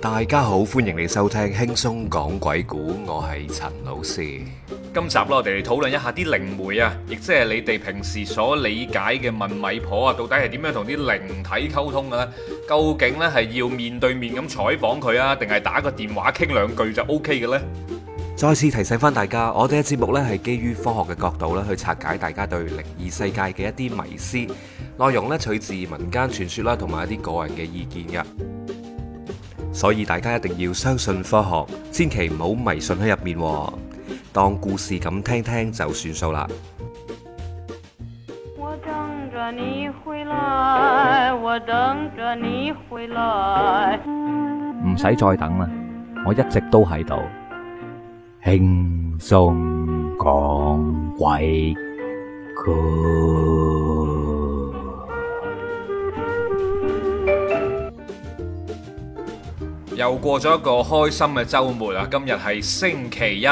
大家好，歡迎你收聽輕鬆講鬼故。我係陳老師。今集我哋討論一下啲靈媒啊，亦即係你哋平時所理解嘅問米婆啊，到底係點樣同啲靈體溝通嘅呢？究竟呢係要面對面咁採訪佢啊，定係打個電話傾兩句就 O K 嘅呢？再次提醒翻大家，我哋嘅節目呢係基於科學嘅角度啦，去拆解大家對靈異世界嘅一啲迷思，內容呢取自民間傳說啦，同埋一啲個人嘅意見嘅。所以大家一定要相信科學，千祈唔好迷信喺入面，當故事咁聽聽就算數啦。我等著你回來，我等著你回來。唔使再等啦，我一直都喺度，輕鬆講鬼故事。又過咗一個開心嘅周末啦！今日係星期一，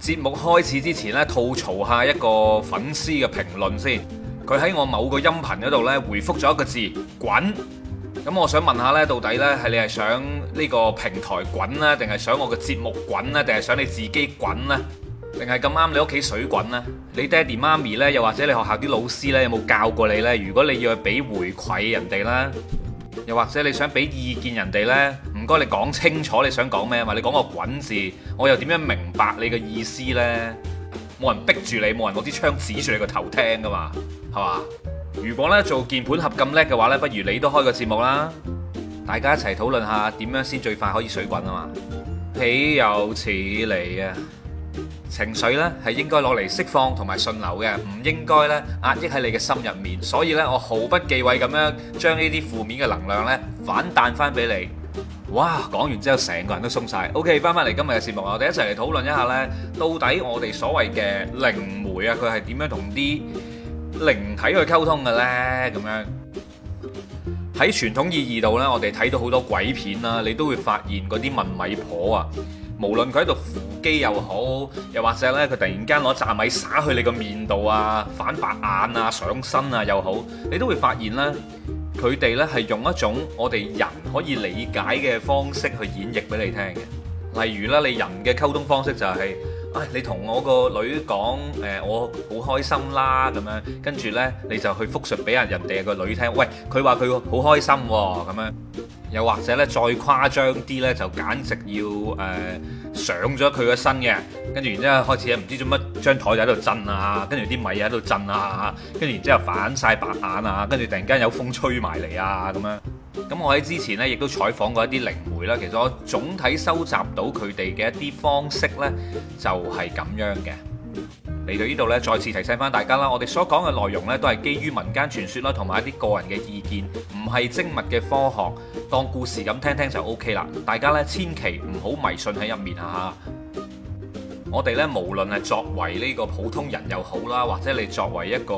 節目開始之前咧，吐槽下一個粉絲嘅評論先。佢喺我某個音頻嗰度咧回覆咗一個字“滾”。咁我想問下呢，到底呢係你係想呢個平台滾啦，定係想我嘅節目滾啦，定係想你自己滾啦，定係咁啱你屋企水滾啦？你爹哋媽咪呢？又或者你學校啲老師呢？有冇教過你呢？如果你要去俾回饋人哋啦，又或者你想俾意見人哋呢？唔該，你講清楚你想講咩？嘛。你講個滾字，我又點樣明白你嘅意思呢？冇人逼住你，冇人攞支槍指住你個頭聽噶嘛？係嘛？如果呢做鍵盤俠咁叻嘅話呢，不如你都開個節目啦，大家一齊討論下點樣先最快可以水滾啊？嘛，豈有此理啊！情緒呢係應該攞嚟釋放同埋順流嘅，唔應該呢壓抑喺你嘅心入面。所以呢，我毫不忌諱咁樣將呢啲負面嘅能量呢反彈翻俾你。哇！講完之後，成個人都鬆晒。OK，翻返嚟今日嘅節目，我哋一齊嚟討論一下呢，到底我哋所謂嘅靈媒啊，佢係點樣同啲靈體去溝通嘅呢？咁樣喺傳統意義度呢，我哋睇到好多鬼片啦，你都會發現嗰啲問米婆啊，無論佢喺度扶乩又好，又或者呢，佢突然間攞紮米撒去你個面度啊、反白眼啊、上身啊又好，你都會發現啦。佢哋呢係用一種我哋人可以理解嘅方式去演繹俾你聽嘅，例如啦，你人嘅溝通方式就係、是，唉、哎，你同我個女講，誒、呃，我好開心啦咁樣，跟住呢，你就去複述俾人人哋個女聽，喂，佢話佢好開心喎、哦、咁樣。又或者咧，再誇張啲呢，就簡直要誒、呃、上咗佢個身嘅，跟住然之後開始唔知做乜，張台就喺度震啊，跟住啲米啊喺度震啊，跟住然之後反晒白眼啊，跟住突然間有風吹埋嚟啊，咁樣。咁我喺之前呢，亦都採訪過一啲靈媒啦。其實我總體收集到佢哋嘅一啲方式呢，就係、是、咁樣嘅。嚟到呢度咧，再次提醒翻大家啦，我哋所講嘅內容咧，都係基於民間傳說啦，同埋一啲個人嘅意見，唔係精密嘅科學，當故事咁聽聽就 OK 啦。大家咧，千祈唔好迷信喺入面吓！我哋咧，無論係作為呢個普通人又好啦，或者你作為一個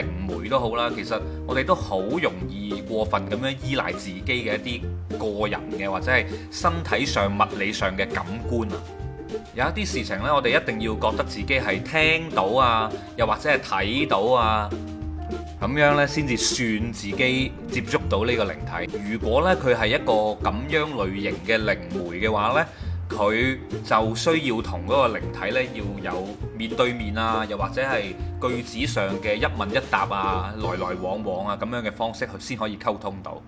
靈媒都好啦，其實我哋都好容易過分咁樣依賴自己嘅一啲個人嘅或者係身體上物理上嘅感官啊。有一啲事情呢，我哋一定要覺得自己係聽到啊，又或者係睇到啊，咁樣呢，先至算自己接觸到呢個靈體。如果呢，佢係一個咁樣類型嘅靈媒嘅話呢，佢就需要同嗰個靈體呢，要有面對面啊，又或者係句子上嘅一問一答啊，來來往往啊咁樣嘅方式去先可以溝通到。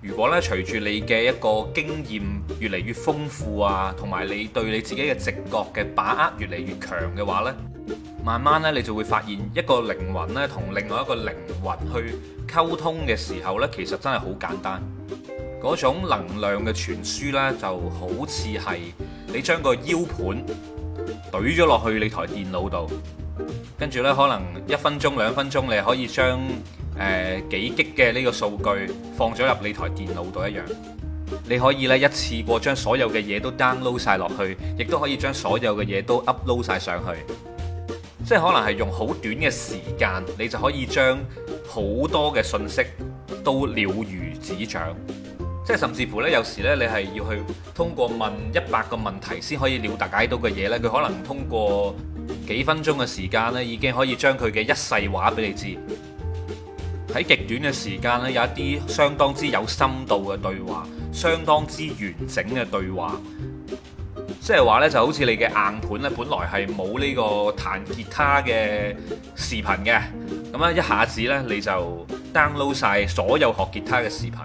如果咧，隨住你嘅一個經驗越嚟越豐富啊，同埋你對你自己嘅直覺嘅把握越嚟越強嘅話呢，慢慢呢，你就會發現一個靈魂呢，同另外一個靈魂去溝通嘅時候呢，其實真係好簡單。嗰種能量嘅傳輸呢，就好似係你將個 U 盤懟咗落去你台電腦度，跟住呢，可能一分鐘、兩分鐘，你可以將誒幾、呃、激嘅呢個數據放咗入你台電腦度一樣，你可以咧一次過將所有嘅嘢都 download 晒落去，亦都可以將所有嘅嘢都 upload 晒上去，即係可能係用好短嘅時間，你就可以將好多嘅信息都了如指掌，即係甚至乎呢有時呢，你係要去通過問一百個問題先可以了解、解到嘅嘢呢，佢可能通過幾分鐘嘅時間呢，已經可以將佢嘅一世話俾你知。喺極短嘅時間咧，有一啲相當之有深度嘅對話，相當之完整嘅對話。即係話呢，就好似你嘅硬盤呢，本來係冇呢個彈吉他嘅視頻嘅，咁啊一下子呢，你就 download 晒所有學吉他嘅視頻，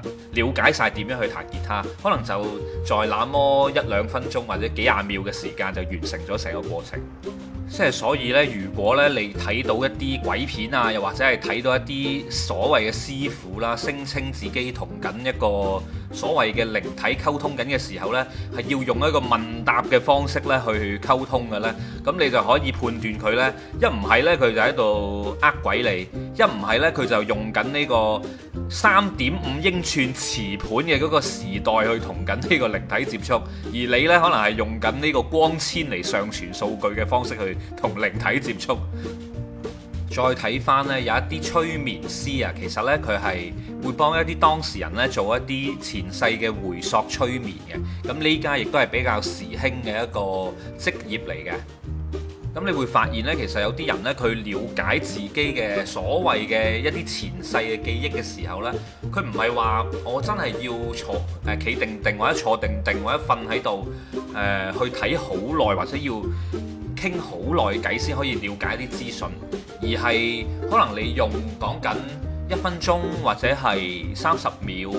了解晒點樣去彈吉他，可能就在那麼一兩分鐘或者幾廿秒嘅時間就完成咗成個過程。即係所以呢，如果呢你睇到一啲鬼片啊，又或者係睇到一啲所謂嘅師傅啦，聲稱自己同緊一個所謂嘅靈體溝通緊嘅時候呢，係要用一個問答嘅方式咧去溝通嘅呢，咁你就可以判斷佢呢，一唔係呢佢就喺度呃鬼你，一唔係呢佢就用緊呢個三點五英寸磁盤嘅嗰個時代去同緊呢個靈體接觸，而你呢，可能係用緊呢個光纖嚟上傳數據嘅方式去同靈體接觸。再睇翻呢，有一啲催眠師啊，其實呢，佢係會幫一啲當事人呢做一啲前世嘅回溯催眠嘅。咁呢家亦都係比較時興嘅一個職業嚟嘅。咁你會發現呢，其實有啲人呢，佢了解自己嘅所謂嘅一啲前世嘅記憶嘅時候呢，佢唔係話我真係要坐誒企、呃、定定，或者坐定定，或者瞓喺度誒去睇好耐，或者要傾好耐偈先可以了解啲資訊，而係可能你用講緊一分鐘或者係三十秒，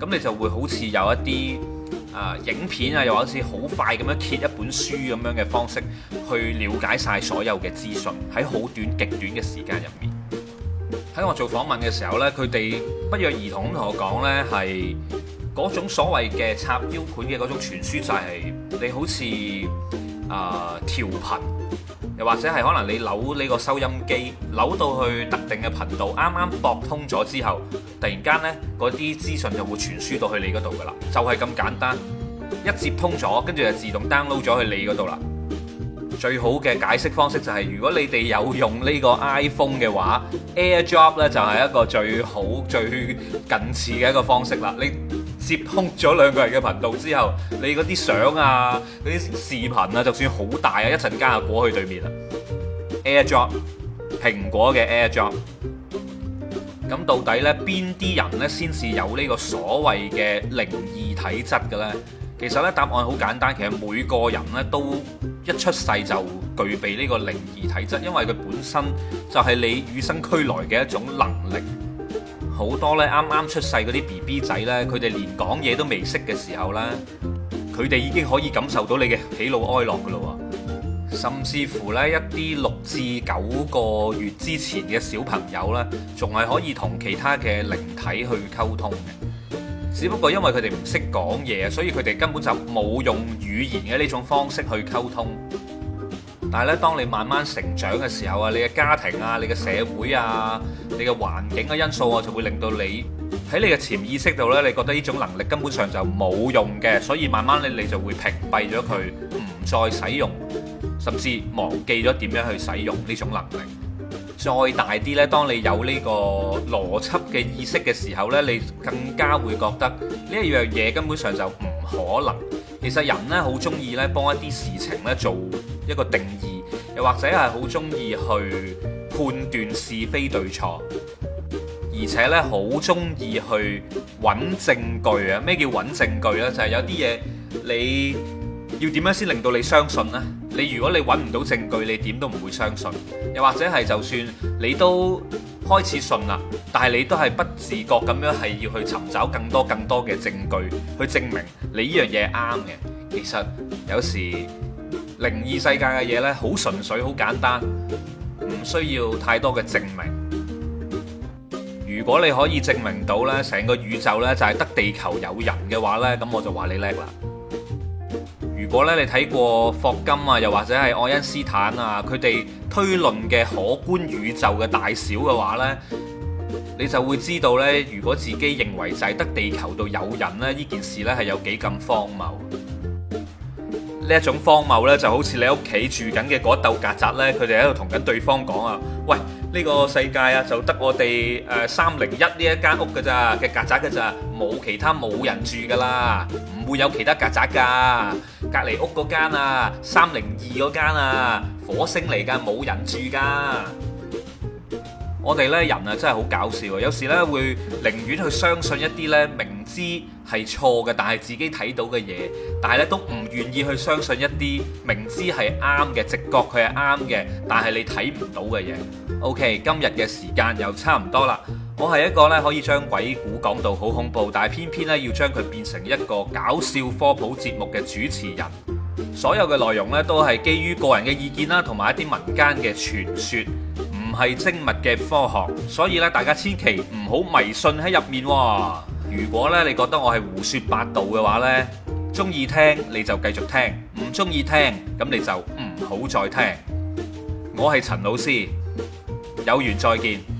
咁你就會好似有一啲啊、呃、影片啊，又好似好快咁樣揭一本書咁樣嘅方式去了解晒所有嘅資訊喺好短極短嘅時間入面。喺我做訪問嘅時候呢，佢哋不約而同同我講呢，係嗰種所謂嘅插 U 盤嘅嗰種傳輸就係、是、你好似啊調頻。呃或者係可能你扭呢個收音機，扭到去特定嘅頻道，啱啱駁通咗之後，突然間呢嗰啲資訊就會傳輸到去你嗰度噶啦，就係咁簡單。一接通咗，跟住就自動 download 咗去你嗰度啦。最好嘅解釋方式就係，如果你哋有用呢個 iPhone 嘅話，AirDrop 呢就係一個最好、最近似嘅一個方式啦。你接通咗兩個人嘅頻道之後，你嗰啲相啊、嗰啲視頻啊，就算好大啊，一陣間就過去對面啦。AirDrop，蘋果嘅 AirDrop。咁到底呢？邊啲人呢？先是有呢個所謂嘅靈異體質嘅呢？其實呢，答案好簡單，其實每個人呢都一出世就具備呢個靈異體質，因為佢本身就係你與生俱來嘅一種能力。好多咧，啱啱出世嗰啲 BB 仔咧，佢哋連講嘢都未識嘅時候咧，佢哋已經可以感受到你嘅喜怒哀樂㗎喇喎。甚至乎咧，一啲六至九個月之前嘅小朋友咧，仲係可以同其他嘅靈體去溝通嘅。只不過因為佢哋唔識講嘢，所以佢哋根本就冇用語言嘅呢種方式去溝通。但係咧，當你慢慢成長嘅時候啊，你嘅家庭啊，你嘅社會啊，你嘅環境嘅因素啊，就會令到你喺你嘅潛意識度咧，你覺得呢種能力根本上就冇用嘅，所以慢慢咧你就會屏蔽咗佢，唔再使用，甚至忘記咗點樣去使用呢種能力。再大啲咧，當你有呢個邏輯嘅意識嘅時候咧，你更加會覺得呢樣嘢根本上就唔可能。其實人呢，好中意呢幫一啲事情呢做一個定義，又或者係好中意去判斷是非對錯，而且呢，好中意去揾證據啊！咩叫揾證據呢？就係有啲嘢你要點樣先令到你相信呢？你如果你揾唔到證據，你點都唔會相信。又或者係就算你都。開始信啦，但係你都係不自覺咁樣係要去尋找更多更多嘅證據去證明你呢樣嘢啱嘅。其實有時靈異世界嘅嘢呢，好純粹，好簡單，唔需要太多嘅證明。如果你可以證明到呢成個宇宙呢，就係得地球有人嘅話呢，咁我就話你叻啦。如果咧你睇過霍金啊，又或者係愛因斯坦啊，佢哋推論嘅可觀宇宙嘅大小嘅話呢，你就會知道呢，如果自己認為就係得地球度有人呢，呢件事呢係有幾咁荒謬。呢一種荒謬呢，就好似你屋企住緊嘅嗰一竇曱甴呢，佢哋喺度同緊對方講啊。喂，呢個世界啊，就得我哋誒三零一呢一間屋嘅咋嘅曱甴嘅咋，冇其他，冇人住噶啦，唔會有其他曱甴噶。隔離屋嗰間啊，三零二嗰間啊，火星嚟噶，冇人住噶。我哋咧人啊真係好搞笑啊。有時咧會寧願去相信一啲咧明知係錯嘅，但係自己睇到嘅嘢，但係咧都唔願意去相信一啲明知係啱嘅直覺，佢係啱嘅，但係你睇唔到嘅嘢。OK，今日嘅時間又差唔多啦。我係一個咧可以將鬼故講到好恐怖，但係偏偏咧要將佢變成一個搞笑科普節目嘅主持人。所有嘅內容呢，都係基於個人嘅意見啦，同埋一啲民間嘅傳說。唔係精密嘅科學，所以咧大家千祈唔好迷信喺入面。如果咧你覺得我係胡說八道嘅話呢，中意聽你就繼續聽，唔中意聽咁你就唔好再聽。我係陳老師，有緣再見。